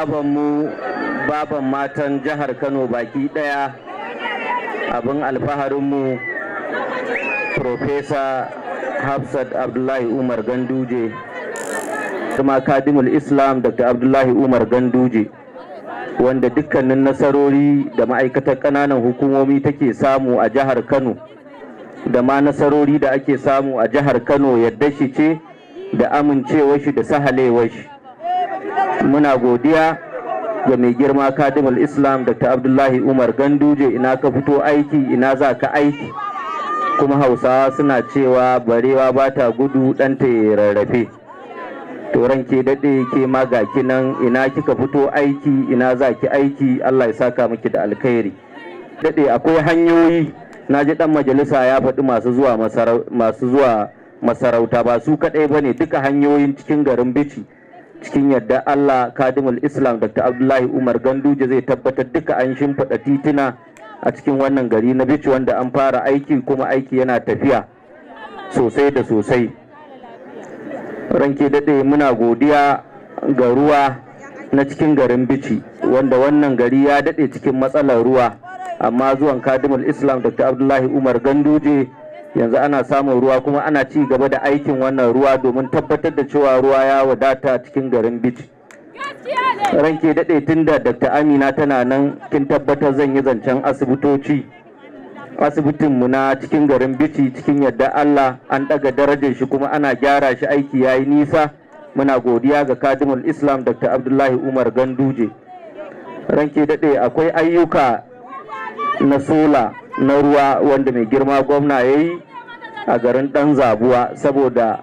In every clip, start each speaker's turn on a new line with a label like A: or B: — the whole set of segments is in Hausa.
A: babanmu baban matan jihar kano baki daya abin alfaharinmu profesa hafsat abdullahi umar ganduje kuma kadimul islam dr abdullahi umar ganduje wanda dukkanin nasarori da ma'aikatar ƙananan hukumomi take samu a jihar kano da ma nasarori da ake samu a jihar kano yadda shi ce da amincewar shi da sahalewar shi muna godiya ga mai girma kadimul islam dr abdullahi umar ganduje ina ka fito aiki ina za ka aiki kuma hausawa suna cewa barewa ba ta gudu ɗanta ya rarrafe turan ke daɗe ke magaki nan ina kika fito aiki ina za ki aiki allah ya saka miki da alkhairi daɗe akwai hanyoyi na ji ɗan majalisa ya faɗi masu zuwa masarauta ba su kaɗai ba ne duka hanyoyin cikin garin bici cikin yadda Allah kadimul Islam Dr. Abdullahi Umar Ganduje zai tabbatar duka an shimfiɗa tituna a cikin wannan gari na Bichi wanda an fara aiki kuma aiki yana tafiya sosai da sosai. Ranke daɗe muna godiya ga ruwa na cikin garin Bichi wanda wannan gari ya daɗe cikin matsalar ruwa amma zuwan kadimul Islam Dr. Abdullahi Umar Ganduje yanzu ana samun ruwa kuma ana ci gaba da aikin wannan ruwa domin tabbatar da cewa ruwa ya wadata cikin garin bici ranke daɗe tun da dr amina tana nan kin tabbatar zan yi zancen asibitoci asibitinmu na cikin garin bici cikin yadda allah an ɗaga darajar shi kuma ana gyara shi aiki ya yi nisa muna godiya ga kadimul islam dr abdullahi umar ganduje ranke daɗe akwai ayyuka na sola na ruwa wanda mai girma gwamna ya yi a garin dan zabuwa saboda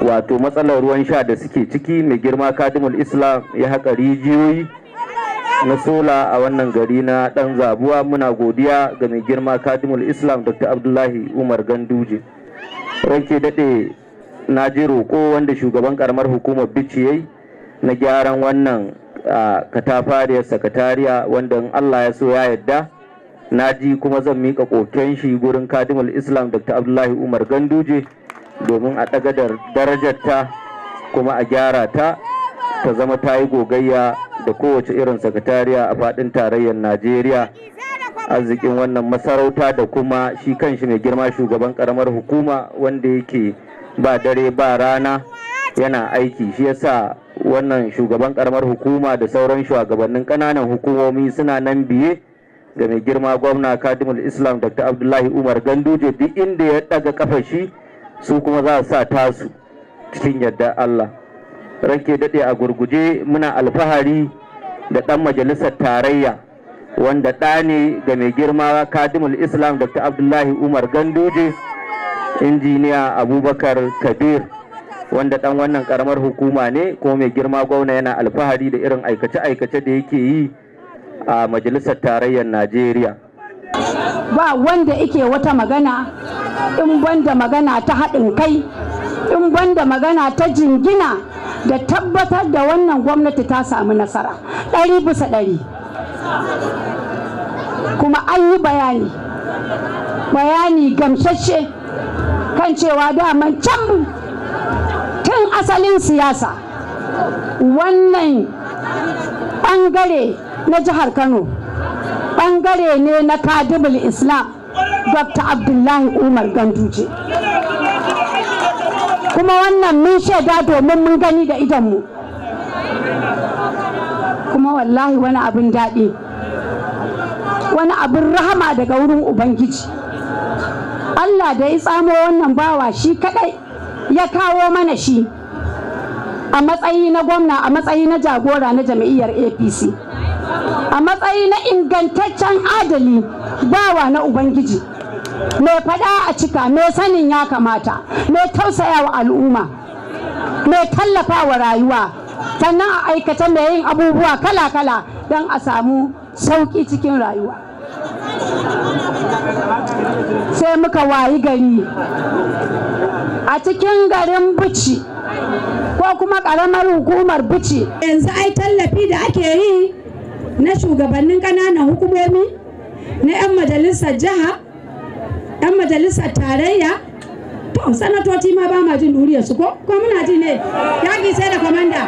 A: wato matsalar ruwan sha da suke ciki mai girma kadimul islam ya haƙa rijiyoyi na sola a wannan gari na dan zabuwa muna godiya ga mai girma kadimul islam dr abdullahi umar ganduje ranke daɗe na je roƙo wanda shugaban karamar hukumar yi na gyaran wannan katafariyar sakatariya wanda in allah ya so ya yadda na ji kuma zan mika koken shi gurin kadimul islam dr abdullahi umar ganduje domin a ɗaga da darajarta kuma a gyara ta ta zama ta yi gogayya da kowace irin sakatariya a faɗin tarayyar najeriya arzikin wannan masarauta da kuma shi kan shi mai girma shugaban karamar hukuma wanda yake ba dare ba rana yana aiki shi yasa wannan shugaban karamar hukuma da sauran shugabannin ƙananan hukumomi suna nan biye ga mai girma gwamna kadimul islam dr abdullahi umar ganduje duk inda ya daga kafa shi su kuma za sa tasu cikin yadda allah ranke daɗe a gurguje muna alfahari da ɗan majalisar tarayya wanda ɗa ne ga mai girma kadimul islam dr abdullahi umar ganduje injiniya abubakar kabir wanda ɗan wannan ƙaramar hukuma ne ko mai girma gwamna yana alfahari da irin aikace-aikace da yake yi a majalisar tarayyar najeriya
B: ba wanda ike wata magana in banda magana ta haɗin kai in banda magana ta jingina da tabbatar da wannan gwamnati ta samu nasara ɗari bisa ɗari kuma an yi bayani bayani gamsashe kan cewa daman can tun asalin siyasa wannan ɓangare na jihar kano bangare ne na kadimul islam dr abdullahi umar ganduje kuma wannan mun shaida domin mun gani da idanmu kuma wallahi wani abin daɗi wani abin rahama daga wurin ubangiji allah da ya tsamo wannan bawa shi kadai ya kawo mana shi a matsayi na gwamna a matsayi na jagora na jam'iyyar apc a matsayi na ingantaccen adali bawa na ubangiji mai faɗa a cika mai sanin ya kamata mai tausaya wa al'umma mai tallafa wa rayuwa sannan a aikata mai yin abubuwa kala-kala don a samu sauƙi cikin rayuwa sai muka wayi gari a cikin garin bici ko kuma ƙaramar hukumar bici yanzu ai tallafi da ake yi na shugabannin ƙananan hukumomi na 'yan majalisar jiha 'yan majalisar tarayya to sanatoci ma ba ma jin duriyarsu ko ko muna ji ne yaƙi sai da kwamanda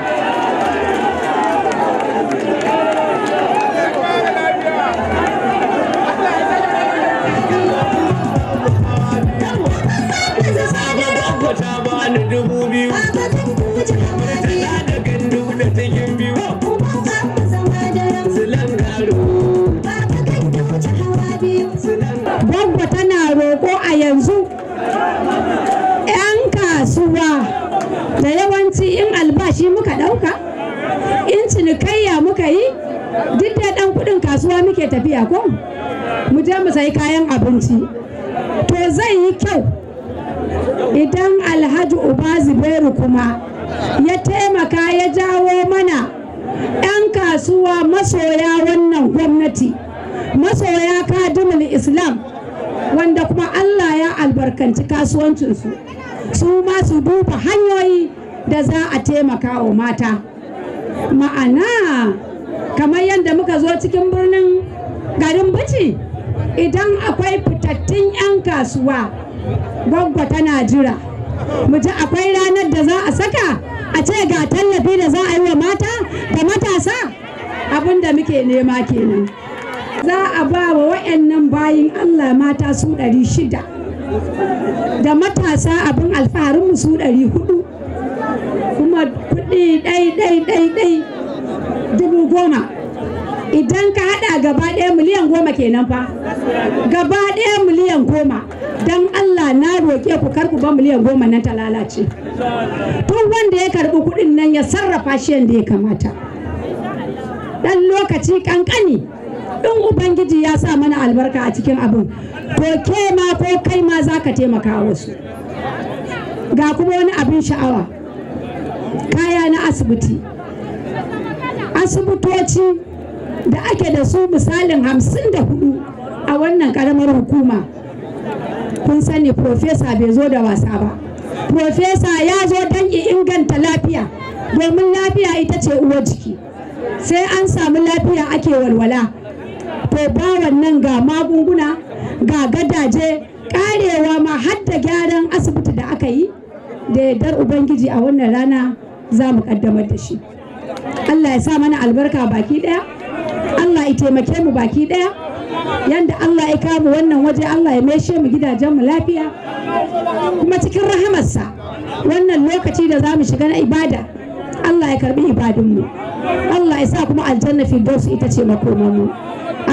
B: yanzu 'yan kasuwa da yawanci in albashi muka ɗauka in cinikayya muka yi duk da ɗan kuɗin kasuwa muke tafiya ko mu je mu sayi kayan abinci to zai yi kyau idan alhaji uba zubairu kuma ya taimaka ya jawo mana 'yan kasuwa masoya wannan gwamnati masoya kadimul islam wanda kuma Allah ya albarkanci kasuwancinsu su ma su duba hanyoyi da za a taimaka wa mata ma'ana kamar yadda muka zo cikin birnin garin bici idan akwai fitattun 'yan kasuwa gwaggwa tana jira mu ji akwai ranar da za a saka a ce ga tallafi da za a yi wa mata da matasa abinda muke nema kenan. za a ba wa waɗannan bayin Allah mata su ɗari shida da matasa abin alfaharinmu su ɗari hudu kuma kuɗi ɗai ɗai ɗai ɗai dubu goma idan ka haɗa gaba ɗaya miliyan goma kenan fa gaba ɗaya miliyan goma don Allah na roƙe ku kar ku ba miliyan goma nan ta lalace tun wanda ya karɓi kuɗin nan ya sarrafa shi yadda ya kamata ɗan lokaci ƙanƙani din ubangiji ya sa mana albarka a cikin abin to ke ma ko kai ma za ka taimaka wasu ga kuma wani abin sha'awa kaya na asibiti asibitoci da ake da su misalin hamsin da hudu a wannan karamar hukuma kun sani profesa bai zo da wasa ba profesa ya zo don inganta lafiya domin lafiya ita ce uwar jiki sai an samu lafiya ake walwala to nan ga magunguna ga gadaje karewa ma har da gyaran asibiti da aka yi da yardar ubangiji a wannan rana za mu kaddamar da shi allah ya sa mana albarka baki daya allah ya taimake mu baki daya yanda allah ya kamu wannan waje allah ya maishe mu gidajenmu lafiya kuma cikin rahamarsa wannan lokaci da za mu shiga na ibada allah ya karbi ibadunmu allah ya sa kuma aljanna fi ita ce makomanmu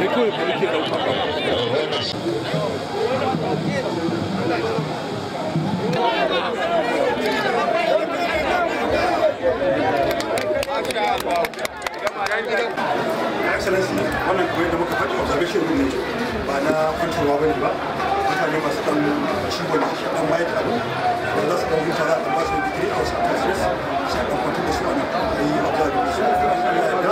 A: kai kawai ba yake ɗauka
B: ba excellency wannan muka faɗi observation ne ba na ba a
A: ɗan ba su wasu a wasu kansu a ɗan kwantar a nan a yi